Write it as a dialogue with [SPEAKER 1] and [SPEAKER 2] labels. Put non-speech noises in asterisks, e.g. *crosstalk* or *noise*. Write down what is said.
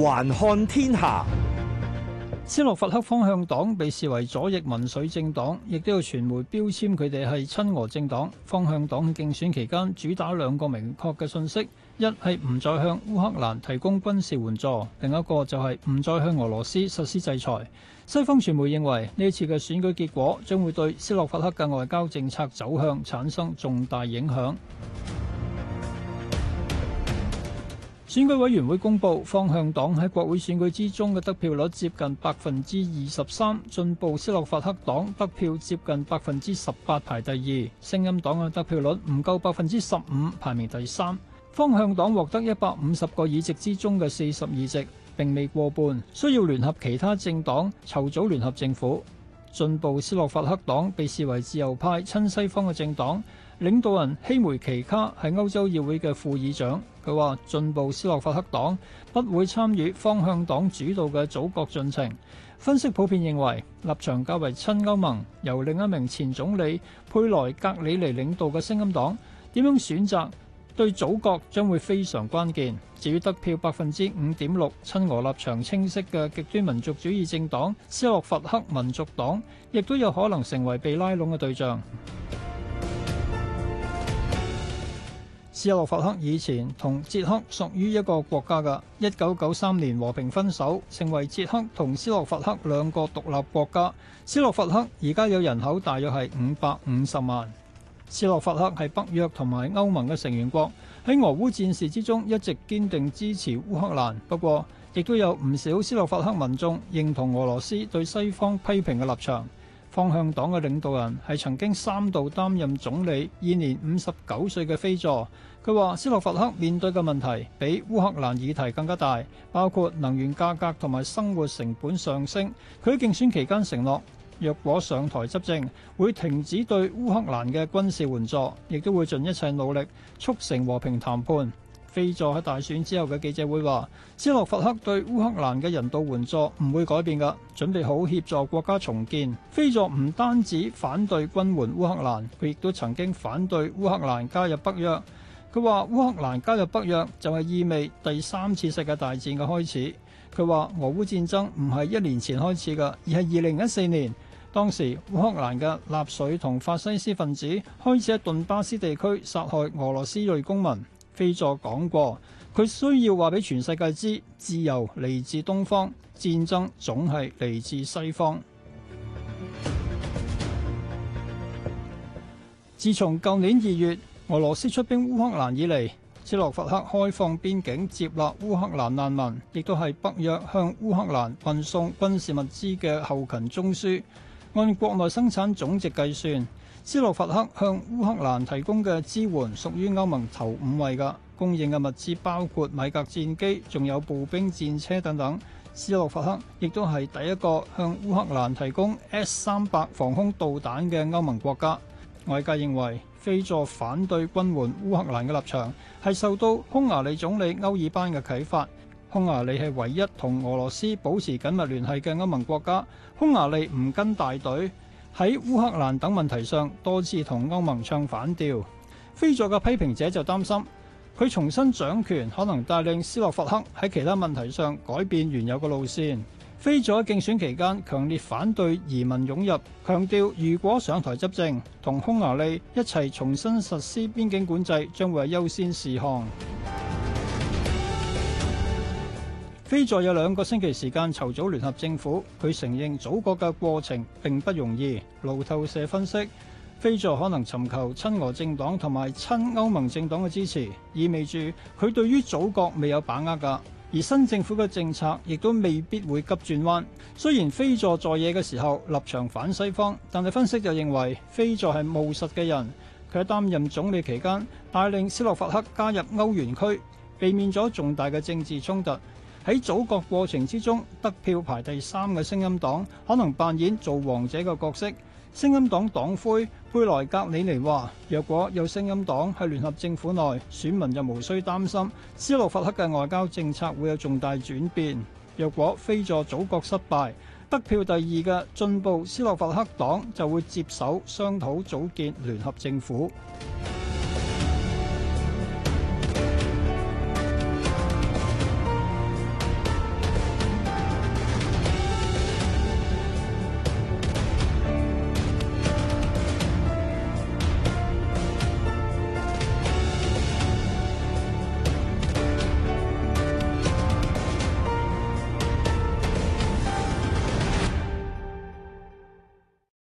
[SPEAKER 1] 環看天下，斯洛伐克方向黨被視為左翼民粹政黨，亦都有傳媒標籤佢哋係親俄政黨。方向黨競選期間主打兩個明確嘅信息：一係唔再向烏克蘭提供軍事援助，另一個就係唔再向俄羅斯實施制裁。西方傳媒認為呢次嘅選舉結果將會對斯洛伐克嘅外交政策走向產生重大影響。選舉委員會公布，方向黨喺國會選舉之中嘅得票率接近百分之二十三，進步斯洛伐克黨得票接近百分之十八排第二，聲音黨嘅得票率唔夠百分之十五排名第三。方向黨獲得一百五十個議席之中嘅四十二席，並未過半，需要聯合其他政黨籌組聯合政府。進步斯洛伐克黨被視為自由派親西方嘅政黨，領導人希梅奇卡係歐洲議會嘅副議長。佢話：進步斯洛伐克黨不會參與方向黨主導嘅祖國進程。分析普遍認為，立場較為親歐盟，由另一名前總理佩萊格里尼領導嘅聲音黨點樣選擇，對祖國將會非常關鍵。至於得票百分之五點六、親俄立場清晰嘅極端民族主義政黨斯洛伐克民族黨，亦都有可能成為被拉攏嘅對象。 *noise* 斯洛伐克以前同捷克屬於一個國家噶，一九九三年和平分手，成為捷克同斯洛伐克兩個獨立國家。斯洛伐克而家有人口大約係五百五十萬。斯洛伐克係北約同埋歐盟嘅成員國，喺俄烏戰事之中一直堅定支持烏克蘭。不過，亦都有唔少斯洛伐克民眾認同俄羅斯對西方批評嘅立場。方向黨嘅領導人係曾經三度擔任總理、現年五十九歲嘅菲佐。佢話：斯洛伐克面對嘅問題比烏克蘭議題更加大，包括能源價格同埋生活成本上升。佢喺競選期間承諾，若果上台執政，會停止對烏克蘭嘅軍事援助，亦都會盡一切努力促成和平談判。菲佐喺大選之後嘅記者會話，斯洛伐克對烏克蘭嘅人道援助唔會改變噶，準備好協助國家重建。菲佐唔單止反對軍援烏克蘭，佢亦都曾經反對烏克蘭加入北約，佢話烏克蘭加入北約就係意味第三次世界大戰嘅開始。佢話俄烏戰爭唔係一年前開始噶，而係二零一四年。當時烏克蘭嘅納粹同法西斯分子開始喺頓巴斯地區殺害俄羅斯裔公民。菲佐講過，佢需要話俾全世界知，自由嚟自東方，戰爭總係嚟自西方。自從舊年二月俄羅斯出兵烏克蘭以嚟，斯洛伐克開放邊境接納烏克蘭難民，亦都係北約向烏克蘭運送軍事物資嘅後勤中樞。按國內生產總值計算，斯洛伐克向烏克蘭提供嘅支援屬於歐盟頭五位嘅。供應嘅物資包括米格戰機，仲有步兵戰車等等。斯洛伐克亦都係第一個向烏克蘭提供 S 三百防空導彈嘅歐盟國家。外界認為，菲佐反對軍援烏克蘭嘅立場係受到匈牙利總理歐爾班嘅啟發。匈牙利係唯一同俄羅斯保持緊密聯繫嘅歐盟國家，匈牙利唔跟大隊，喺烏克蘭等問題上多次同歐盟唱反調。菲佐嘅批評者就擔心，佢重新掌權可能帶領斯洛伐克喺其他問題上改變原有嘅路線。菲佐喺競選期間強烈反對移民湧入，強調如果上台執政，同匈牙利一齊重新實施邊境管制將會係優先事項。菲佐有兩個星期時間籌組聯合政府。佢承認祖國嘅過程並不容易。路透社分析，菲佐可能尋求親俄政黨同埋親歐盟政黨嘅支持，意味住佢對於祖國未有把握㗎。而新政府嘅政策亦都未必會急轉彎。雖然菲佐在野嘅時候立場反西方，但係分析就認為菲佐係務實嘅人。佢喺擔任總理期間，帶領斯洛伐克加入歐元區，避免咗重大嘅政治衝突。喺組閣過程之中，得票排第三嘅聲音黨可能扮演做王者嘅角色。聲音黨黨魁佩萊格里尼話，若果有聲音黨喺聯合政府內，選民就無需擔心斯洛伐克嘅外交政策會有重大轉變。若果菲佐組閣失敗，得票第二嘅進步斯洛伐克黨就會接手商討組建聯合政府。